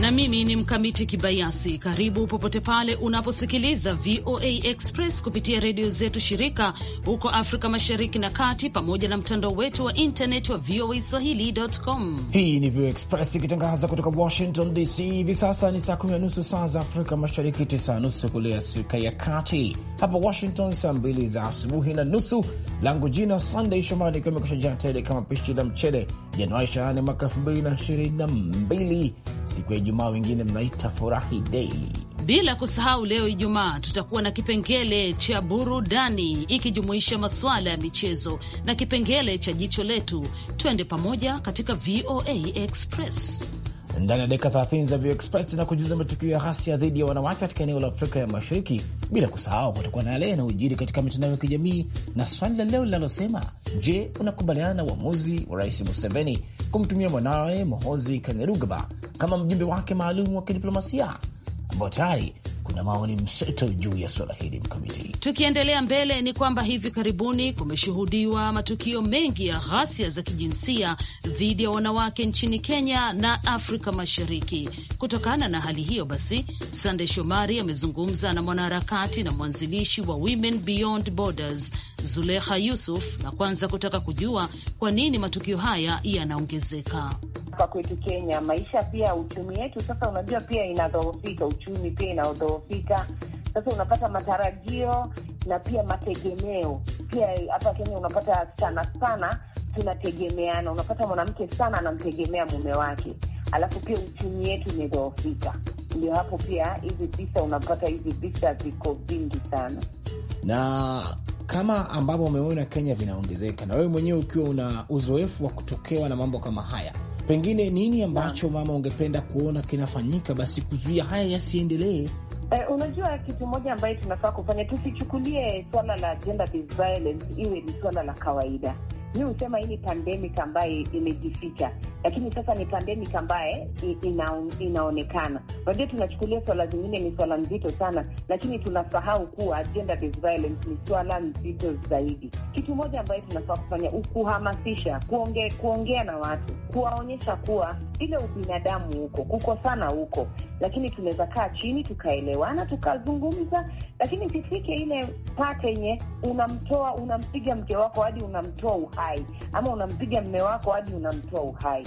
na mimi ni Mkamiti Kibayasi. Karibu popote pale unaposikiliza VOA Express kupitia redio zetu shirika huko Afrika Mashariki na Kati, pamoja na mtandao wetu wa intaneti wa VOA Swahili.com. Hii ni VOA Express ikitangaza kutoka Washington DC. Hivi sasa ni saa kumi na nusu saa za Afrika Mashariki, tisa nusu kule Afrika ya Kati, hapa Washington saa mbili za asubuhi na nusu. Langu jina Sunday Shomari, ikiwa imekusha jaa tele kama pishi la mchele Januari 28 mwaka 2022, siku ya Ijumaa wengine mnaita furahi dei. Bila kusahau leo Ijumaa tutakuwa na kipengele cha burudani ikijumuisha masuala ya michezo na kipengele cha jicho letu. Twende pamoja katika VOA Express ndani ya dakika 30 za Vio Express na kujuza matukio ya ghasia dhidi ya wanawake katika eneo la Afrika ya Mashariki, bila kusahau kutakuwa na yale yanayojiri katika mitandao ya kijamii na swali la leo linalosema, je, unakubaliana na uamuzi wa Rais Museveni kumtumia mwanawe Mohozi kanerugaba kama mjumbe wake maalum wa kidiplomasia ambao tayari kuna maoni mseto juu ya swala hili mkamiti. Tukiendelea mbele, ni kwamba hivi karibuni kumeshuhudiwa matukio mengi ya ghasia za kijinsia dhidi ya wanawake nchini Kenya na Afrika Mashariki. Kutokana na hali hiyo basi, Sande Shomari amezungumza na mwanaharakati na mwanzilishi wa Women Beyond Borders Zulekha Yusuf, na kwanza kutaka kujua kwa nini matukio haya yanaongezeka kwetu Kenya. Maisha pia, uchumi wetu sasa, unajua pia inadhoofika, uchumi pia inadhoofika unaopika. Sasa unapata matarajio na pia mategemeo. Pia hapa Kenya unapata sana sana tunategemeana, unapata mwanamke sana anamtegemea mume wake, alafu pia uchumi yetu imedhoofika. Ndio hapo pia hizi visa unapata hizi visa viko vingi sana, na kama ambavyo umeona Kenya vinaongezeka, na wewe mwenyewe ukiwa una uzoefu wa kutokewa na mambo kama haya, pengine nini ambacho mama ungependa kuona kinafanyika basi kuzuia haya yasiendelee? Eh, unajua kitu moja ambayo tunafaa kufanya, tusichukulie swala la gender based violence iwe ni swala la kawaida. Mi husema hii ni pandemic ambayo imejificha lakini sasa ni pandemic ambaye ina, inaonekana. Unajua, tunachukulia swala zingine ni swala nzito sana, lakini tunasahau kuwa gender based violence ni swala nzito zaidi. Kitu moja ambayo tunafaa kufanya kuhamasisha, kuonge, kuongea na watu, kuwaonyesha kuwa ile ubinadamu huko kukosana huko, lakini tunaweza kaa chini tukaelewana tukazungumza, lakini sifike ile pate yenye unamtoa unampiga mke wako hadi unamtoa uhai, ama unampiga mme wako hadi unamtoa uhai.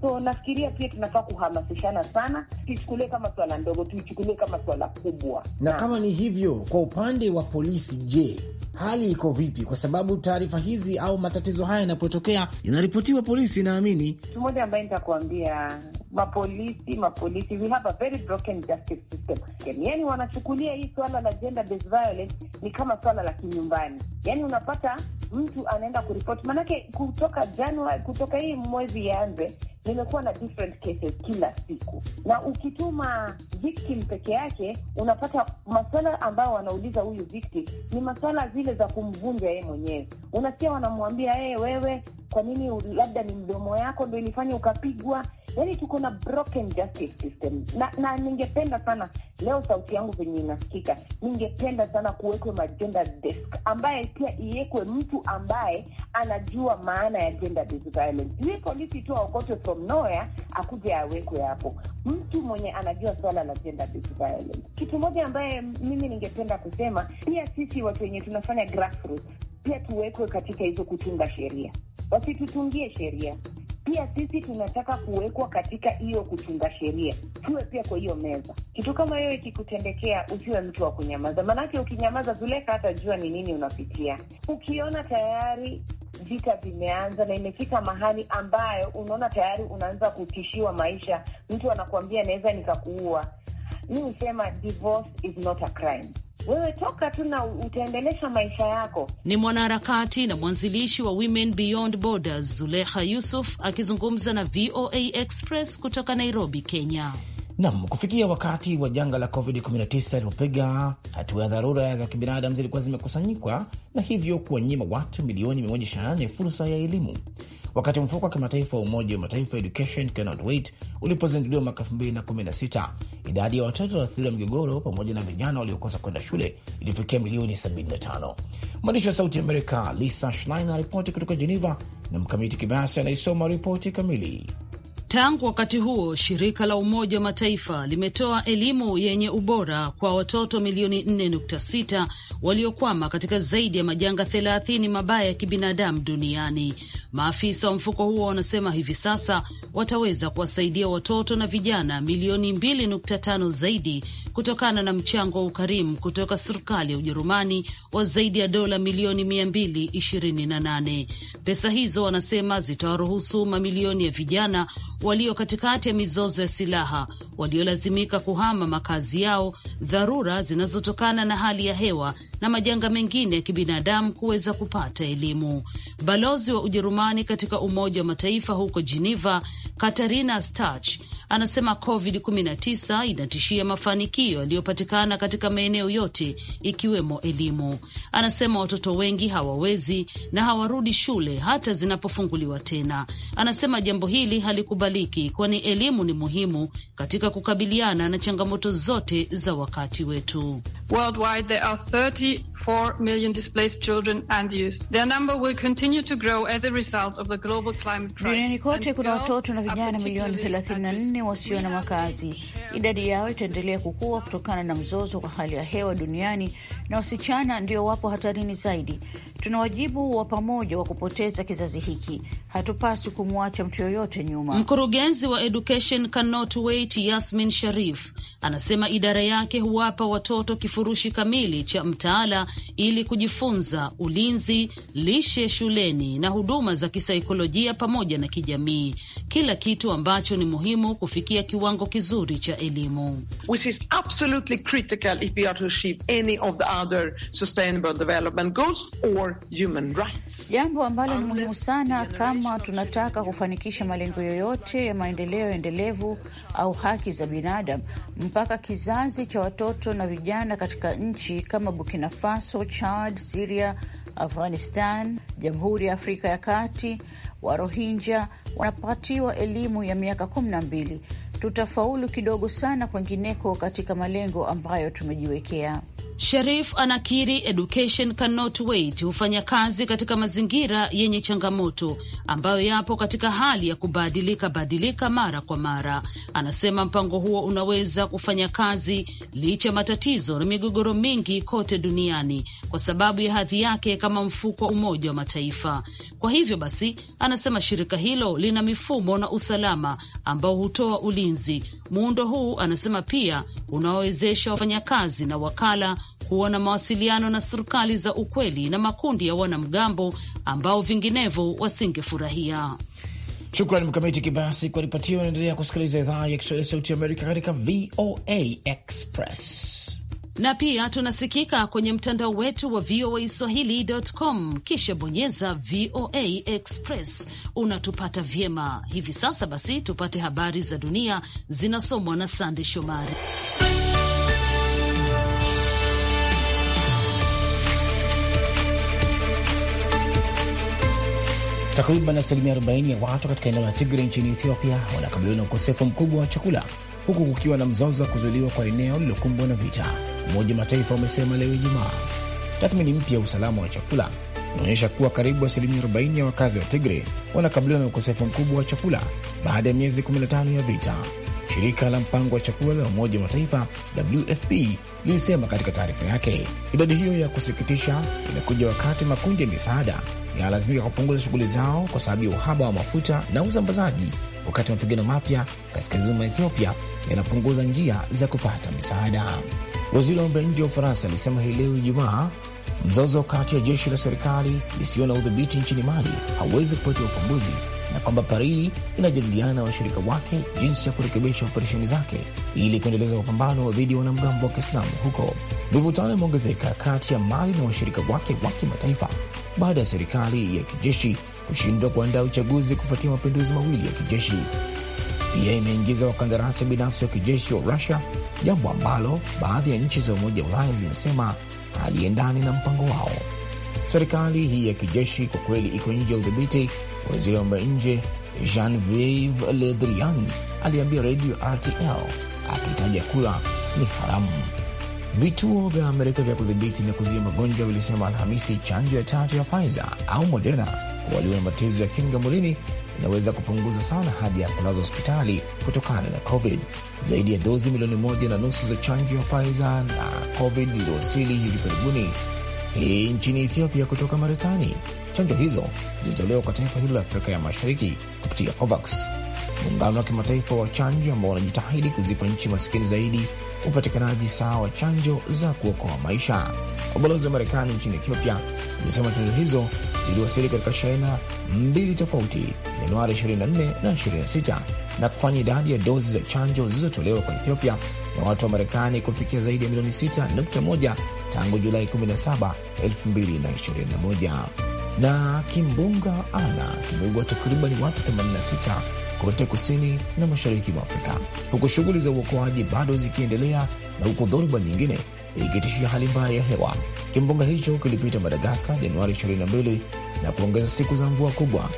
So nafikiria pia tunafaa kuhamasishana sana, tuichukulie kama swala ndogo, tuichukulie kama swala kubwa. Na kama ni hivyo, kwa upande wa polisi, je, hali iko vipi? Kwa sababu taarifa hizi au matatizo haya yanapotokea inaripotiwa polisi. Naamini mtu mmoja ambaye nitakuambia mapolisi, mapolisi, we have a very broken justice system. Yani wanachukulia hii swala la gender based violence ni kama swala la kinyumbani. Yani unapata mtu anaenda kuripoti, maanake kutoka Januari, kutoka hii mwezi yaanze nimekuwa na different cases kila siku, na ukituma victim peke yake unapata maswala ambayo wanauliza huyu victim ni maswala zile za kumvunja yeye mwenyewe. Unasikia wanamwambia ee, wewe kwa nini, labda ni mdomo yako ndo ilifanya ukapigwa. Yani tuko na broken justice system, na, na ningependa sana leo sauti yangu venye inasikika, ningependa sana kuwekwe majenda desk ambaye pia iwekwe mtu ambaye anajua maana ya gender based violence, iwe polisi tu aokote from nowhere akuja awekwe hapo, mtu mwenye anajua swala la gender based violence. Kitu moja ambaye mimi ningependa kusema pia, sisi watu wenye tunafanya grassroots pia tuwekwe katika hizo kutunga sheria, wasitutungie sheria pia sisi tunataka kuwekwa katika hiyo kutunga sheria, tuwe pia kwa hiyo meza. Kitu kama hiyo ikikutendekea, usiwe mtu wa kunyamaza, maanake ukinyamaza, Zuleka hata jua ni nini unapitia. Ukiona tayari vita vimeanza na imefika mahali ambayo unaona tayari unaanza kutishiwa maisha. Mtu anakuambia naweza nikakuua. Mi husema divorce is not a crime. Wewe toka tu na utaendelesha maisha yako. Ni mwanaharakati na mwanzilishi wa Women Beyond Borders, zuleha Yusuf akizungumza na VOA Express kutoka Nairobi, Kenya. Nam, kufikia wakati wa janga la COVID-19 ilipopiga, hatua ya dharura za kibinadamu zilikuwa zimekusanyikwa na hivyo kuwanyima watu milioni 128 fursa ya elimu, wakati mfuko wa kimataifa wa Umoja wa Mataifa Education Cannot Wait ulipozinduliwa mwaka 2016, idadi ya watoto waathiriwa migogoro pamoja na vijana waliokosa kwenda shule ilifikia milioni 75. Mwandishi wa Sauti Amerika Lisa Schlein aripoti kutoka Geneva na Mkamiti Kibayasi anaisoma ripoti kamili. Tangu wakati huo shirika la Umoja wa Mataifa limetoa elimu yenye ubora kwa watoto milioni 4.6 waliokwama katika zaidi ya majanga 30 mabaya ya kibinadamu duniani. Maafisa wa mfuko huo wanasema hivi sasa wataweza kuwasaidia watoto na vijana milioni 2.5 zaidi kutokana na mchango wa ukarimu kutoka serikali ya Ujerumani wa zaidi ya dola milioni 228. Pesa hizo wanasema zitawaruhusu mamilioni ya vijana walio katikati ya mizozo ya silaha waliolazimika kuhama makazi yao, dharura zinazotokana na hali ya hewa na majanga mengine ya kibinadamu kuweza kupata elimu. Balozi wa Ujerumani katika Umoja wa Mataifa huko Geneva, Katarina Stach, anasema COVID-19 inatishia mafanikio yaliyopatikana katika maeneo yote ikiwemo elimu. Anasema watoto wengi hawawezi na hawarudi shule hata zinapofunguliwa tena. Anasema jambo hili halikubaliki, kwani elimu ni muhimu katika kukabiliana na changamoto zote za wakati wetu. Worldwide, there are que 4 million displaced children and youth. Their number will continue to grow as a result of the global climate crisis. Duniani kote kuna watoto na vijana milioni 34 wasio na makazi. Idadi yao itaendelea kukua kutokana na mzozo kwa hali ya hewa duniani, na wasichana ndio wapo hatarini zaidi. Tuna wajibu wa pamoja wa kupoteza kizazi hiki, hatupaswi kumwacha mtu yoyote nyuma. Mkurugenzi wa Education Cannot Wait, Yasmin Sharif, anasema idara yake huwapa watoto kifurushi kamili cha mtaala ili kujifunza ulinzi, lishe shuleni na huduma za kisaikolojia pamoja na kijamii kila kitu ambacho ni muhimu kufikia kiwango kizuri cha elimu. Jambo ambalo ni muhimu sana kama tunataka kufanikisha malengo yoyote ya maendeleo endelevu au haki za binadamu, mpaka kizazi cha watoto na vijana katika nchi kama Burkina Faso, Chad, Siria, Afghanistan, Jamhuri ya Afrika ya Kati wa Rohingya wanapatiwa elimu ya miaka mbili tutafaulu kidogo sana kwengineko katika malengo ambayo tumejiwekea. Sherif anakiri Education Cannot Wait hufanya kazi katika mazingira yenye changamoto ambayo yapo katika hali ya kubadilika badilika mara kwa mara. Anasema mpango huo unaweza kufanya kazi licha ya matatizo na migogoro mingi kote duniani kwa sababu ya hadhi yake kama mfuko wa Umoja wa Mataifa. Kwa hivyo basi, anasema shirika hilo lina mifumo na usalama ambao hutoa ulinzi ulinzi. Muundo huu, anasema pia, unawawezesha wafanyakazi na wakala kuwa na mawasiliano na serikali za ukweli na makundi ya wanamgambo ambao vinginevyo wasingefurahia. Shukrani Mkamiti Kibasi kwa ripoti hiyo. Unaendelea kusikiliza idhaa ya Kiswahili ya Sauti ya Amerika katika VOA Express na pia tunasikika kwenye mtandao wetu wa VOA Swahili.com, kisha bonyeza VOA Express unatupata vyema hivi sasa. Basi tupate habari za dunia zinasomwa na Sande Shomari. Takriban asilimia 40 ya watu katika eneo la tigre nchini Ethiopia wanakabiliwa na ukosefu mkubwa wa chakula huku kukiwa na mzozo wa kuzuiliwa kwa eneo lililokumbwa na vita. Umoja wa Mataifa umesema leo Ijumaa. Tathmini mpya ya usalama wa chakula inaonyesha kuwa karibu asilimia 40 ya wakazi wa Tigre wanakabiliwa na ukosefu mkubwa wa chakula baada ya miezi 15 ya vita. Shirika la mpango wa chakula la Umoja wa Mataifa WFP lilisema katika taarifa yake. Idadi hiyo ya kusikitisha imekuja wakati makundi ya misaada yanalazimika kupunguza shughuli zao kwa sababu ya uhaba wa mafuta na usambazaji, wakati mapigano mapya kaskazini mwa Ethiopia yanapunguza njia za kupata misaada. Waziri wa mambo ya nje wa Ufaransa alisema hii leo Ijumaa mzozo kati ya jeshi la serikali lisiyo na udhibiti nchini Mali hauwezi kupatiwa ufumbuzi na kwamba Paris inajadiliana na washirika wake jinsi ya kurekebisha operesheni zake ili kuendeleza mapambano dhidi ya wanamgambo wa Kiislamu huko. Mivutano imeongezeka kati ya Mali na washirika wake wa kimataifa baada ya serikali ya kijeshi kushindwa kuandaa uchaguzi kufuatia mapinduzi mawili ya kijeshi pia imeingiza wakandarasi binafsi wa kijeshi wa Rusia, jambo ambalo baadhi ya nchi za Umoja wa Ulaya zimesema haliendani na mpango wao. Serikali hii ya kijeshi kwa kweli iko nje ya udhibiti, waziri wa mambo ya nje Jean-Yves Le Drian aliambia redio RTL akitaja kuwa ni haramu. Vituo vya Amerika vya kudhibiti na kuzuia magonjwa vilisema Alhamisi chanjo ya tatu ya Pfizer au Moderna kwa walio na matatizo ya kinga mwilini inaweza kupunguza sana hadi ya kulazwa hospitali kutokana na COVID. Zaidi ya dozi milioni moja na nusu za chanjo ya Pfizer na COVID ziliwasili hivi karibuni hii nchini Ethiopia kutoka Marekani. Chanjo hizo zilitolewa kwa taifa hilo la Afrika ya Mashariki kupitia COVAX, muungano wa kimataifa wa chanjo ambao wanajitahidi kuzipa nchi masikini zaidi upatikanaji sawa wa chanjo za kuokoa maisha. Ubalozi wa Marekani nchini Ethiopia ulisema chanjo hizo ziliwasili katika shehena mbili tofauti Januari 24 na 26 na kufanya idadi ya dozi za chanjo zilizotolewa kwa Ethiopia na watu wa Marekani kufikia zaidi ya milioni 6.1 tangu Julai 17, 2021. Na kimbunga Ana kimeua takriban watu 86 kote kusini na mashariki mwa Afrika, huku shughuli za uokoaji bado zikiendelea na huku dhoruba nyingine ikitishia hali mbaya ya hewa. Kimbunga hicho kilipita Madagaskar Januari 22 na kuongeza siku za mvua kubwa.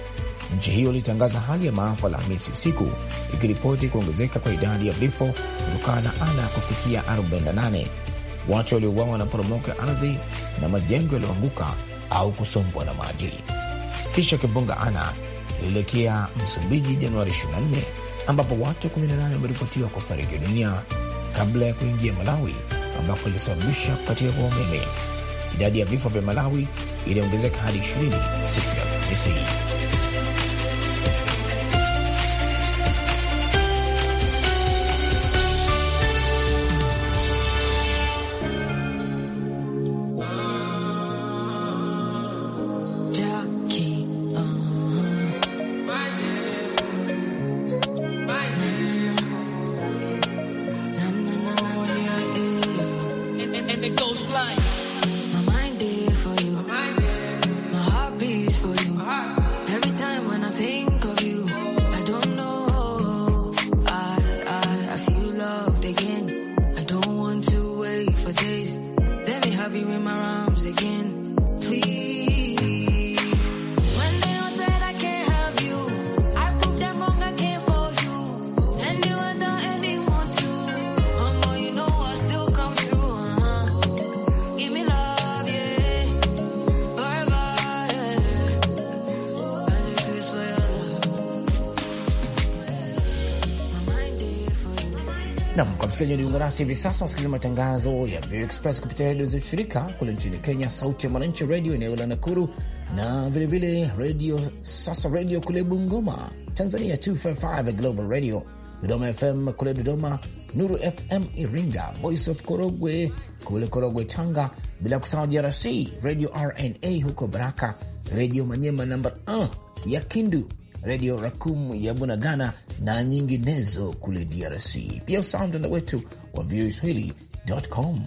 Nchi hiyo ilitangaza hali ya maafa Alhamisi usiku, ikiripoti kuongezeka kwa idadi ya vifo kutokana na ana kufikia 48 watu waliouawa na poromoko ya ardhi na majengo yaliyoanguka au kusombwa na maji. Kisha kimbunga Ana lilielekea Msumbiji Januari 24 ambapo watu 18 wameripotiwa kufariki dunia kabla ya kuingia Malawi ambapo ilisababisha kukatika kwa umeme. Idadi ya vifo vya Malawi iliongezeka hadi 20 siku ya Alhamisi. Msikilizaji unajiunga nasi hivi sasa, wasikiliza matangazo ya VOA Express kupitia redio za shirika kule nchini Kenya, Sauti ya Mwananchi redio eneo la Nakuru na vilevile redio Sasa redio kule Bungoma, Tanzania 255 Global Radio, Dodoma FM kule Dodoma, Nuru FM Iringa, Voice of Korogwe kule Korogwe Tanga, bila kusahau DRC redio RNA huko Baraka, redio Manyema namba 1 ah, ya Kindu redio Rakum ya Bunagana na nyinginezo kule DRC. Pia usahau mtandao wetu wa swahilicom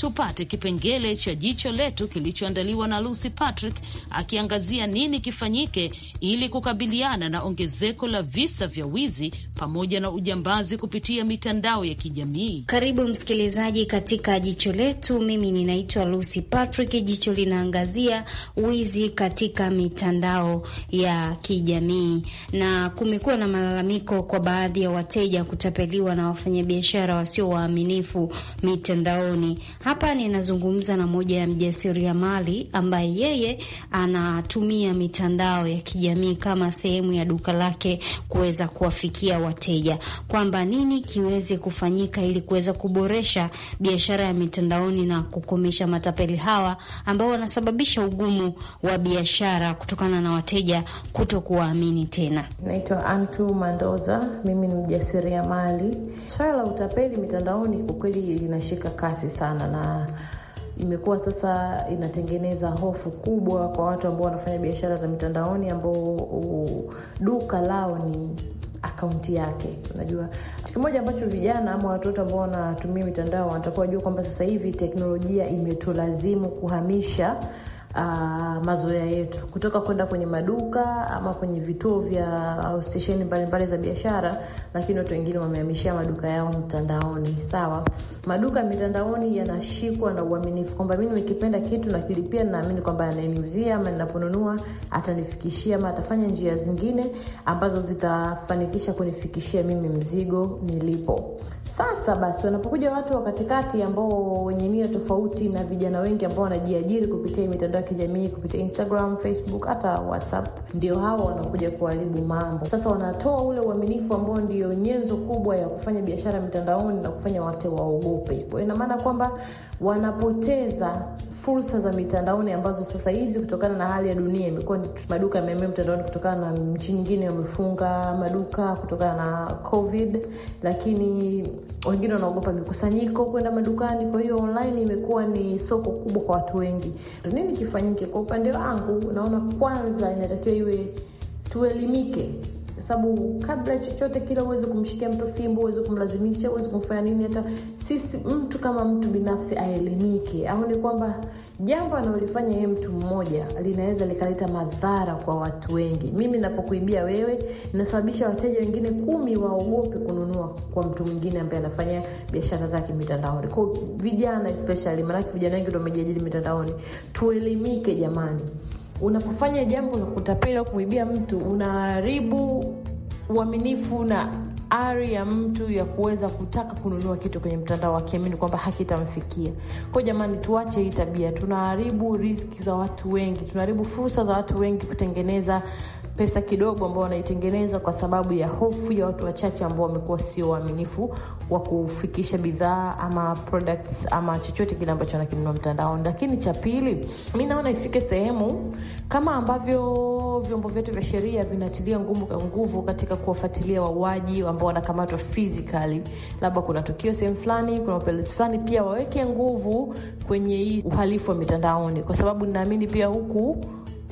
tupate kipengele cha jicho letu kilichoandaliwa na Lucy Patrick akiangazia nini kifanyike ili kukabiliana na ongezeko la visa vya wizi pamoja na ujambazi kupitia mitandao ya kijamii. Karibu msikilizaji katika jicho letu. Mimi ninaitwa Lucy Patrick. Jicho linaangazia wizi katika mitandao ya kijamii, na kumekuwa na malalamiko kwa baadhi ya wateja kutapeliwa na wafanyabiashara wasio waaminifu mitandaoni. Hapa ninazungumza na moja ya mjasiriamali ambaye yeye anatumia mitandao ya kijamii kama sehemu ya duka lake kuweza kuwafikia wateja, kwamba nini kiweze kufanyika ili kuweza kuboresha biashara ya mitandaoni na kukomesha matapeli hawa ambao wanasababisha ugumu wa biashara kutokana na wateja kuto kuwaamini tena. Naitwa Antu Mandoza, mimi ni mjasiriamali. Swala la utapeli mitandaoni kwa kweli linashika kasi sana na na imekuwa sasa inatengeneza hofu kubwa kwa watu ambao wanafanya biashara za mitandaoni ambao duka lao ni akaunti yake. Unajua, kitu kimoja ambacho vijana ama watoto ambao wanatumia mitandao wanatakiwa wajua kwamba sasa hivi teknolojia imetulazimu kuhamisha Uh, mazoea yetu kutoka kwenda kwenye maduka ama kwenye vituo vya au stesheni mbalimbali za biashara, lakini watu wengine wamehamishia maduka yao mtandaoni. Sawa, Maduka mitandaoni yanashikwa na uaminifu, kwamba mi nimekipenda kitu nakilipia, naamini kwamba ananiuzia ama ninaponunua atanifikishia ama atafanya njia zingine ambazo zitafanikisha kunifikishia mimi mzigo nilipo. Sasa basi, wanapokuja watu wa katikati ambao wenye nia tofauti na vijana wengi ambao wanajiajiri kupitia mitandao ya kijamii, kupitia Instagram, Facebook, hata WhatsApp, ndio hawa wanakuja kuharibu mambo. Sasa wanatoa ule uaminifu ambao ndio nyenzo kubwa ya kufanya biashara mitandaoni na kufanya wate waogope nyeupe. Kwa hiyo ina maana kwamba wanapoteza fursa za mitandaoni ambazo sasa hivi kutokana na hali ya dunia imekuwa maduka yameamia mtandaoni, kutokana na nchi nyingine wamefunga maduka kutokana na COVID, lakini wengine wanaogopa mikusanyiko kwenda madukani. Kwa hiyo online imekuwa ni soko kubwa kwa watu wengi. Nini kifanyike? Kwa upande wangu, naona kwanza inatakiwa iwe tuelimike sababu kabla chochote kile huwezi kumshikia mtu fimbo, huwezi kumlazimisha, huwezi kumfanya nini. Hata sisi mtu kama mtu binafsi aelimike, aone kwamba jambo analolifanya yeye mtu mmoja linaweza likaleta madhara kwa watu wengi. Mimi napokuibia wewe, nasababisha wateja wengine kumi waogope kununua kwa mtu mwingine ambaye anafanya biashara zake mitandaoni. Kwao vijana especially, maanake vijana wengi ndo wamejiajiri mitandaoni. Tuelimike jamani. Unapofanya jambo la kutapeli au kumwibia mtu, unaharibu uaminifu na ari ya mtu ya kuweza kutaka kununua kitu kwenye mtandao akiamini kwamba hakitamfikia. Kwa jamani, tuache hii tabia, tunaharibu riziki za watu wengi, tunaharibu fursa za watu wengi kutengeneza pesa kidogo ambao wanaitengeneza kwa sababu ya hofu ya watu wachache ambao wamekuwa sio waaminifu wa kufikisha bidhaa ama products ama chochote kile ambacho wanakinunua mtandaoni. Lakini cha pili, mi naona ifike sehemu kama ambavyo vyombo vyetu vya sheria vinatilia nguvu katika kuwafuatilia wauaji ambao wanakamatwa physically, labda kuna tukio sehemu fulani, kuna upelelezi fulani, pia waweke nguvu kwenye hii uhalifu wa mitandaoni, kwa sababu ninaamini pia huku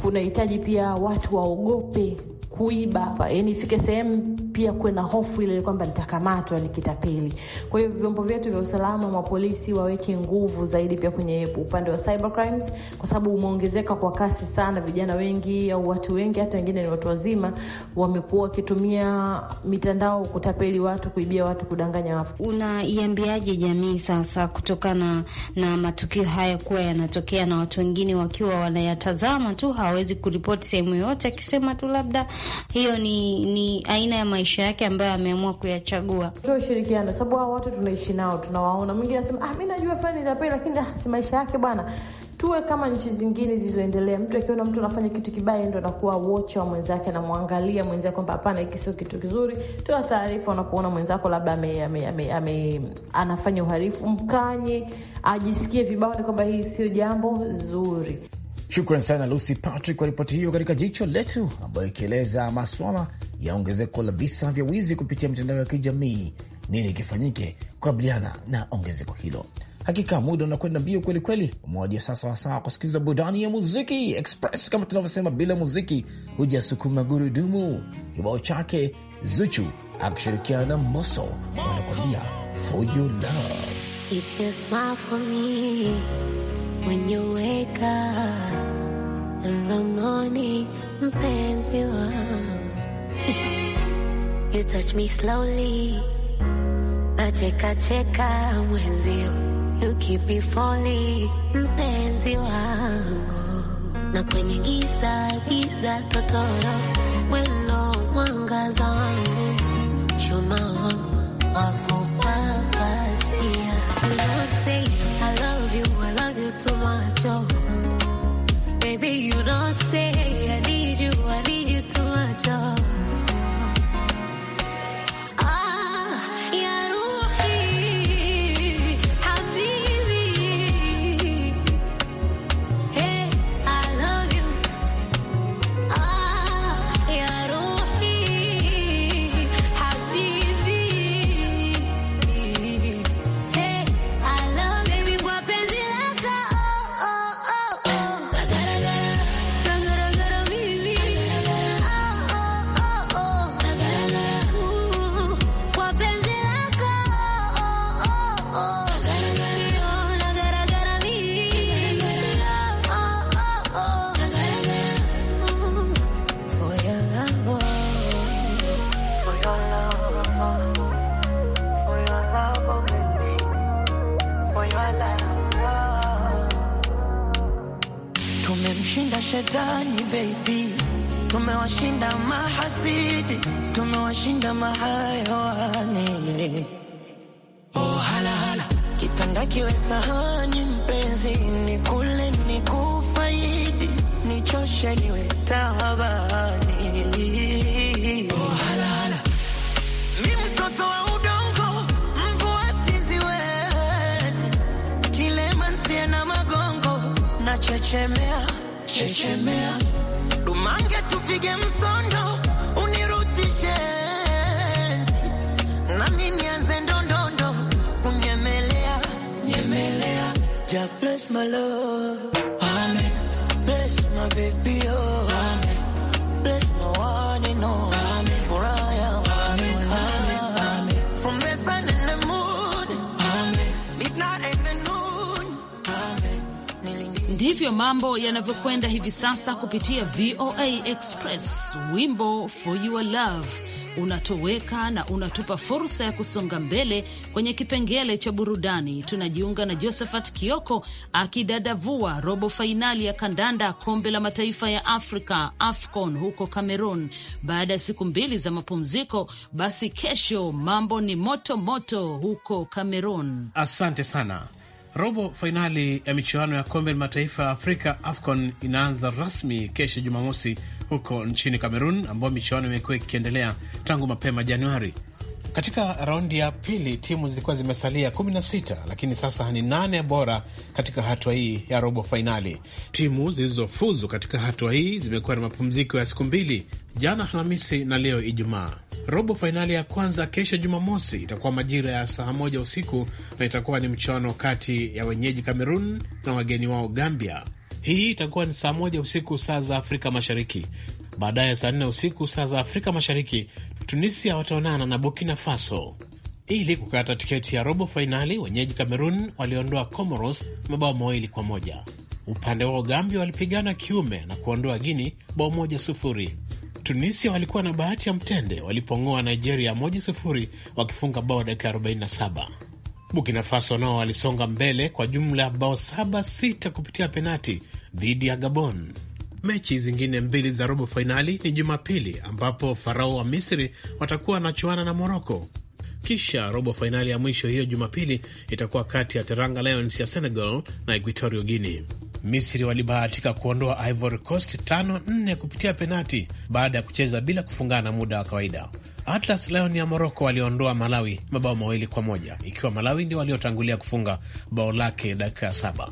kunahitaji pia watu waogope kuiba, yaani ifike sehemu pia kuwe na hofu ile kwamba nitakamatwa nikitapeli. Kwa hiyo vyombo vyetu vya usalama mapolisi waweke nguvu zaidi pia kwenye upande wa cyber crimes, kwa sababu umeongezeka kwa kasi sana. Vijana wengi au watu wengi, hata wengine ni watu wazima, wamekuwa wakitumia mitandao kutapeli watu, kuibia watu, kudanganya watu. Unaiambiaje jamii sasa kutokana na matukio haya kuwa yanatokea na watu wengine wakiwa wanayatazama tu, hawawezi kuripoti sehemu yoyote, akisema tu labda hiyo ni, ni aina ya maisha maisha yake ambayo ameamua kuyachagua. Sio ushirikiano, sababu hao watu tunaishi nao, tunawaona. Mwingine anasema ah, mi najua fulani nitapenda, lakini ah, si maisha yake bwana. Tuwe kama nchi zingine zilizoendelea. Mtu akiona mtu anafanya kitu kibaya, ndo anakuwa wocha wa mwenzake, anamwangalia mwenzake kwamba hapana, hiki sio kitu kizuri. Toa taarifa unapoona mwenzako labda ame, ame, ame, ame, anafanya uharifu, mkanye, ajisikie vibao, ni kwamba hii sio jambo zuri. Shukran sana Lucy Patrick kwa ripoti hiyo katika jicho letu, ambayo ikieleza maswala ya ongezeko la visa vya wizi kupitia mitandao ya kijamii, nini ikifanyike kukabiliana na ongezeko hilo. Hakika muda unakwenda mbio kweli kweli, umewadia sasa wasaa kusikiliza burudani ya muziki express. Kama tunavyosema, bila muziki hujasukuma gurudumu. Kibao chake Zuchu akishirikiana na mboso wanakwambia for your love. It's just when you wake up in the morning, mpenzi wangu you touch me slowly, nacheka cheka mwenzio, you keep me falling, mpenzi wangu na kwenye giza giza totoro weno mwangaza wangu chuma wangu Tumemshinda shetani baby, tumewashinda mahasidi, tumewashinda mahayawani. Oh, hala, hala. Kitanda kiwe sahani mpenzi, ni kule ni kufaidi, nichoshe niwe tabani chechemea chechemea, Dumange tupige msondo unirutishe nami nianze ndondondo kunyemelea nyemelea. Ja bless my love, amen bless my baby oh mambo yanavyokwenda hivi sasa kupitia VOA Express. Wimbo for your love unatoweka na unatupa fursa ya kusonga mbele kwenye kipengele cha burudani. Tunajiunga na Josephat Kioko akidadavua robo fainali ya kandanda kombe la mataifa ya Afrika AFCON huko Cameroon baada ya siku mbili za mapumziko. Basi kesho mambo ni moto moto huko Cameroon. Asante sana. Robo fainali ya michuano ya kombe la mataifa ya Afrika AFCON inaanza rasmi kesho Jumamosi huko nchini Kamerun, ambayo michuano imekuwa ikiendelea tangu mapema Januari. Katika raundi ya pili timu zilikuwa zimesalia 16 lakini sasa ni nane bora katika hatua hii ya robo fainali. Timu zilizofuzu katika hatua hii zimekuwa na mapumziko ya siku mbili, jana Alhamisi na leo Ijumaa. Robo fainali ya kwanza kesho Jumamosi itakuwa majira ya saa moja usiku na itakuwa ni mchuano kati ya wenyeji cameron na wageni wao Gambia. Hii itakuwa ni saa moja usiku saa za Afrika Mashariki. Baadaye saa nne usiku saa za Afrika Mashariki, Tunisia wataonana na Burkina Faso. Ili kukata tiketi ya robo fainali, wenyeji cameron waliondoa Comoros mabao mawili kwa moja. Upande wao Gambia walipigana kiume na kuondoa Guini bao moja sufuri. Tunisia walikuwa na bahati ya mtende walipong'oa Nigeria moja sifuri wakifunga bao dakika 47. Burkina Faso nao walisonga mbele kwa jumla ya bao saba sita kupitia penati dhidi ya Gabon. Mechi zingine mbili za robo fainali ni Jumapili, ambapo Farao wa Misri watakuwa wanachuana na Moroko. Kisha robo fainali ya mwisho hiyo Jumapili itakuwa kati ya Teranga Lions ya Senegal na equitorio Guinea. Misri walibahatika kuondoa Ivory Coast tano nne kupitia penati baada ya kucheza bila kufungana muda wa kawaida. Atlas Lion ya Moroko waliondoa Malawi mabao mawili kwa moja ikiwa Malawi ndio waliotangulia kufunga bao lake dakika ya saba.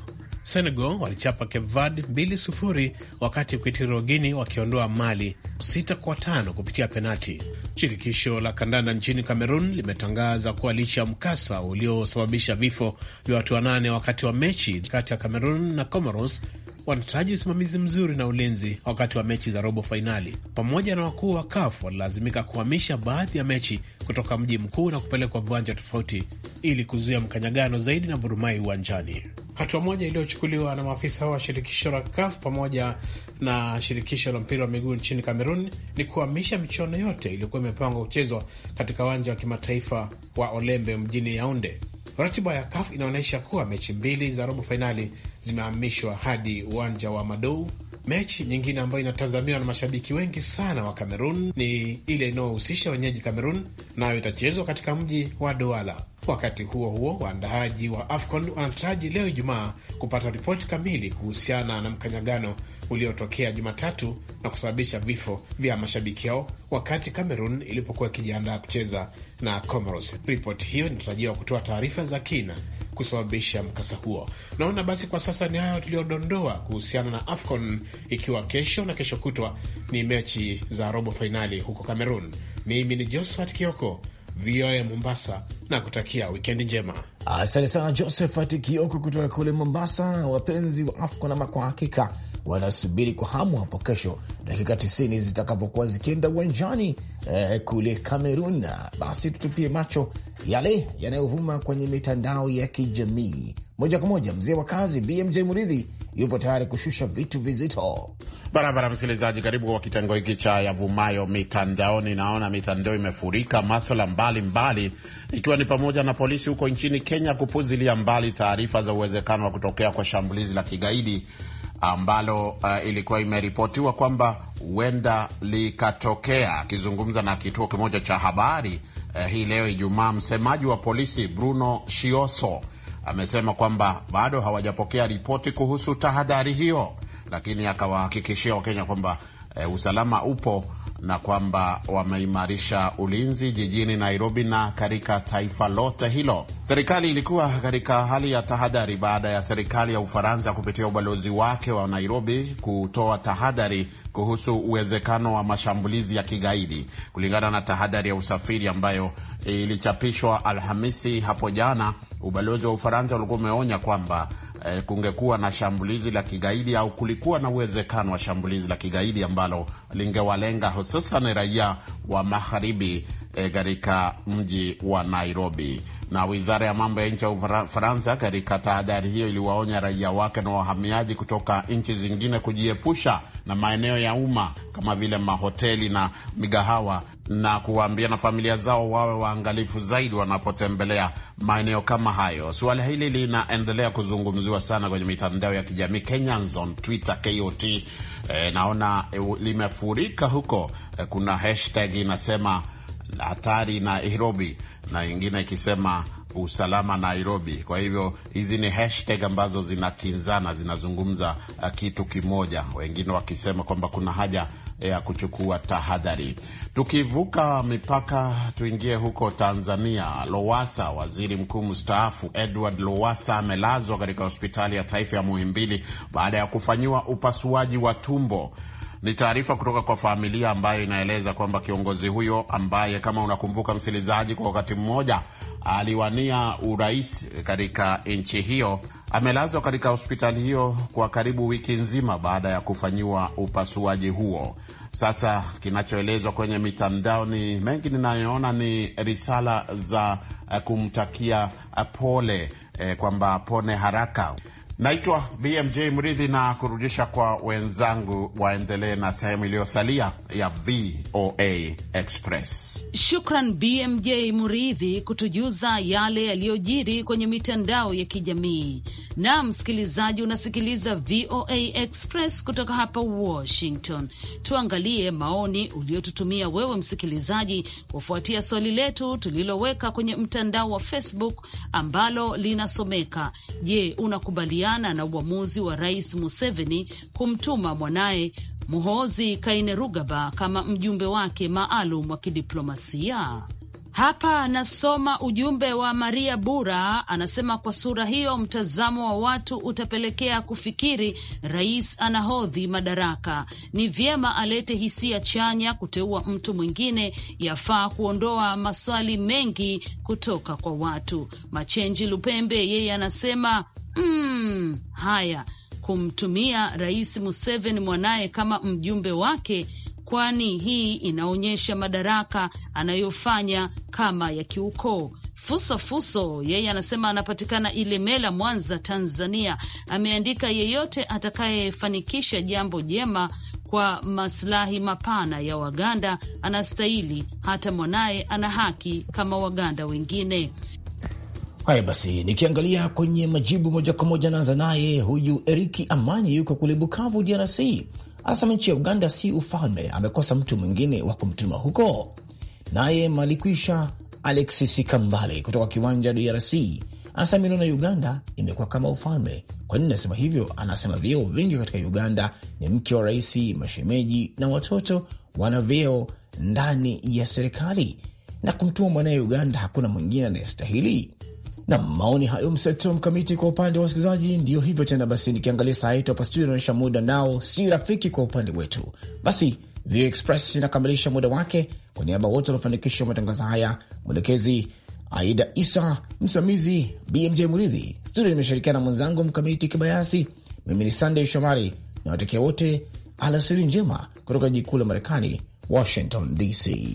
Senegal walichapa Cape Verde 2 wakati Equatorial wakiondoa Mali 6 kwa tano kupitia penati. Shirikisho la kandanda nchini Cameroon limetangaza kuwa licha ya mkasa uliosababisha vifo vya watu wanane wakati wa mechi kati ya Cameroon na Comoros wanataraji usimamizi mzuri na ulinzi wakati wa mechi za robo fainali. Pamoja na wakuu wa CAF walilazimika kuhamisha baadhi ya mechi kutoka mji mkuu na kupelekwa viwanja tofauti ili kuzuia mkanyagano zaidi na vurumai uwanjani. Hatua moja iliyochukuliwa na maafisa wa shirikisho la CAF pamoja na shirikisho la mpira wa miguu nchini cameroon ni kuhamisha michuano yote iliyokuwa imepangwa kuchezwa katika uwanja wa kimataifa wa Olembe mjini Yaunde Ratiba ya CAF inaonyesha kuwa mechi mbili za robo fainali zimehamishwa hadi uwanja wa Madou. Mechi nyingine ambayo inatazamiwa na mashabiki wengi sana wa cameron ni ile inayohusisha wenyeji cameron nayo itachezwa katika mji wa Douala. Wakati huo huo, waandaaji wa AFCON wanataraji leo Ijumaa kupata ripoti kamili kuhusiana na mkanyagano uliotokea Jumatatu na kusababisha vifo vya mashabiki hao wakati Cameroon ilipokuwa ikijiandaa kucheza na Comoros. Ripoti hiyo inatarajiwa kutoa taarifa za kina kusababisha mkasa huo. Naona basi kwa sasa ni hayo tuliyodondoa kuhusiana na AFCON, ikiwa kesho na kesho kutwa ni mechi za robo fainali huko Cameroon. Mimi ni Josephat Kioko. VOA Mombasa na kutakia wikendi njema. Asante sana Josephat Kioko kutoka kule Mombasa. Wapenzi wa AFCON ama kwa hakika wanasubiri kwa hamu hapo kesho dakika 90 zitakapokuwa zikienda uwanjani eh, kule Kamerun. Basi tutupie macho yale yanayovuma kwenye mitandao ya kijamii moja kwa moja. Mzee wa kazi BMJ Muridhi yupo tayari kushusha vitu vizito barabara. Msikilizaji, karibu kwa kitengo hiki cha yavumayo mitandaoni. Naona mitandao imefurika maswala mbalimbali, ikiwa ni pamoja na polisi huko nchini Kenya kupuzilia mbali taarifa za uwezekano wa kutokea kwa shambulizi la kigaidi ambalo uh, ilikuwa imeripotiwa kwamba huenda likatokea. Akizungumza na kituo kimoja cha habari uh, hii leo Ijumaa, msemaji wa polisi Bruno Shioso amesema kwamba bado hawajapokea ripoti kuhusu tahadhari hiyo, lakini akawahakikishia Wakenya kwamba e, usalama upo na kwamba wameimarisha ulinzi jijini Nairobi na katika taifa lote hilo. Serikali ilikuwa katika hali ya tahadhari baada ya serikali ya Ufaransa kupitia ubalozi wake wa Nairobi kutoa tahadhari kuhusu uwezekano wa mashambulizi ya kigaidi, kulingana na tahadhari ya usafiri ambayo ilichapishwa Alhamisi hapo jana. Ubalozi wa Ufaransa ulikuwa umeonya kwamba eh, kungekuwa na shambulizi la kigaidi au kulikuwa na uwezekano wa shambulizi la kigaidi ambalo lingewalenga hususan raia wa magharibi eh, katika eh, mji wa Nairobi na wizara ya mambo ya nchi ya Ufaransa katika tahadhari hiyo iliwaonya raia wake na wahamiaji kutoka nchi zingine kujiepusha na maeneo ya umma kama vile mahoteli na migahawa na kuwaambia na familia zao wawe waangalifu zaidi wanapotembelea maeneo kama hayo. Suala hili linaendelea kuzungumziwa sana kwenye mitandao ya kijamii Kenyans on Twitter KOT. E, eh, naona e, limefurika huko. E, kuna hashtag inasema hatari Nairobi, na ingine ikisema usalama Nairobi. Kwa hivyo hizi ni hashtag ambazo zinakinzana, zinazungumza uh, kitu kimoja, wengine wakisema kwamba kuna haja eh, ya kuchukua tahadhari. Tukivuka mipaka, tuingie huko Tanzania. Lowasa, waziri mkuu mstaafu Edward Lowasa amelazwa katika hospitali ya taifa ya Muhimbili baada ya kufanyiwa upasuaji wa tumbo. Ni taarifa kutoka kwa familia ambayo inaeleza kwamba kiongozi huyo ambaye, kama unakumbuka msikilizaji, kwa wakati mmoja aliwania urais katika nchi hiyo amelazwa katika hospitali hiyo kwa karibu wiki nzima baada ya kufanyiwa upasuaji huo. Sasa kinachoelezwa kwenye mitandao ni mengi, ninayoona ni risala za kumtakia pole eh, kwamba apone haraka. Naitwa BMJ Mridhi na kurudisha kwa wenzangu waendelee na sehemu iliyosalia ya VOA Express. Shukran BMJ Mridhi kutujuza yale yaliyojiri kwenye mitandao ya kijamii na msikilizaji, unasikiliza VOA Express kutoka hapa Washington. Tuangalie maoni uliotutumia wewe msikilizaji, kufuatia swali letu tuliloweka kwenye mtandao wa Facebook ambalo linasomeka: Je, unakubaliana na uamuzi wa Rais Museveni kumtuma mwanaye Muhoozi Kainerugaba kama mjumbe wake maalum wa kidiplomasia? Hapa nasoma ujumbe wa Maria Bura, anasema kwa sura hiyo, mtazamo wa watu utapelekea kufikiri rais anahodhi madaraka. Ni vyema alete hisia chanya kuteua mtu mwingine, yafaa kuondoa maswali mengi kutoka kwa watu. Machenji Lupembe yeye anasema mm, haya kumtumia Rais Museveni mwanaye kama mjumbe wake kwani hii inaonyesha madaraka anayofanya kama ya kiukoo. Fuso Fuso yeye anasema anapatikana Ilemela, Mwanza, Tanzania. Ameandika, yeyote atakayefanikisha jambo jema kwa maslahi mapana ya Waganda anastahili, hata mwanaye ana haki kama Waganda wengine. Haya basi, nikiangalia kwenye majibu moja kwa moja, naanza naye huyu Eriki amani yuko kule Bukavu, DRC. Anasema nchi ya Uganda si ufalme, amekosa mtu mwingine wa kumtuma huko. Naye Malikwisha Alexis Kambale kutoka Kiwanja DRC anasema milioni ya Uganda imekuwa kama ufalme. Kwa nini nasema hivyo? Anasema vyeo vingi katika Uganda ni mke wa rais, mashemeji na watoto wana vyeo ndani ya serikali, na kumtuma mwanaye Uganda hakuna mwingine anayestahili na maoni hayo mseto mkamiti kwa upande wa wasikilizaji. Ndiyo hivyo tena basi, nikiangalia saa yetu hapa studio inaonyesha muda nao si rafiki kwa upande wetu. Basi VOA Express inakamilisha muda wake. Kwa niaba wote wanaofanikisha matangazo haya, mwelekezi Aida Isa, msimamizi BMJ Muridhi, studio imeshirikiana mwenzangu Mkamiti Kibayasi. Mimi ni Sandey Shomari na watekea wote alasiri njema kutoka jikuu la Marekani, Washington DC.